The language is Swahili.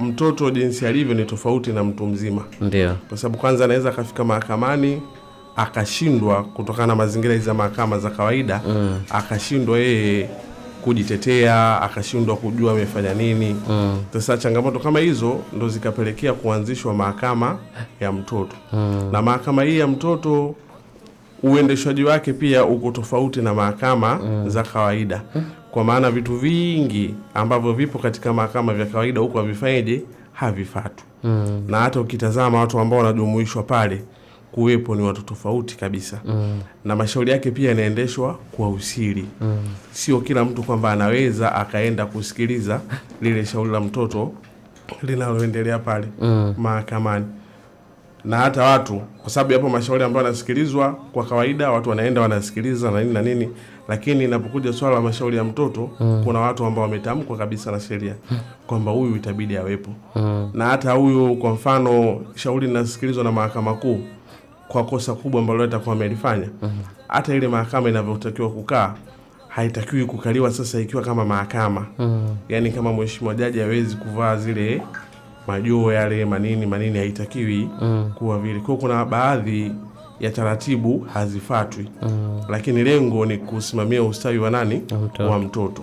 mtoto jinsi alivyo ni tofauti na mtu mzima, ndio kwa sababu kwanza anaweza akafika mahakamani akashindwa kutokana na mazingira hizi ya mahakama za kawaida mm. akashindwa yeye kujitetea akashindwa kujua amefanya nini. Mm. Sasa mm. changamoto kama hizo ndo zikapelekea kuanzishwa mahakama ya mtoto mm. na mahakama hii ya mtoto uendeshaji wake pia uko tofauti na mahakama mm. za kawaida. Eh kwa maana vitu vingi ambavyo vipo katika mahakama vya kawaida huko havifanyeje, havifatwi mm. na hata ukitazama watu ambao wanajumuishwa pale kuwepo ni watu tofauti kabisa mm. na mashauri yake pia yanaendeshwa kwa usiri mm. Sio kila mtu kwamba anaweza akaenda kusikiliza lile shauri la mtoto linaloendelea pale mm. mahakamani na hata watu, kwa sababu yapo mashauri ambayo yanasikilizwa kwa kawaida, watu wanaenda wanasikiliza na nini na nini, lakini inapokuja swala la mashauri ya mtoto mm. kuna watu ambao wametamkwa kabisa na sheria mm. kwamba huyu itabidi awepo mm. na hata huyu, kwa mfano, shauri linasikilizwa na mahakama kuu kwa kosa kubwa ambalo atakuwa amelifanya mm. hata ile mahakama inavyotakiwa kukaa haitakiwi kukaliwa sasa ikiwa kama mahakama mm. yaani kama mheshimiwa jaji hawezi kuvaa zile majoo yale manini manini haitakiwi mm. kuwa vile. Kwa kuna baadhi ya taratibu hazifatwi mm. lakini lengo ni kusimamia ustawi wa nani wa mtoto.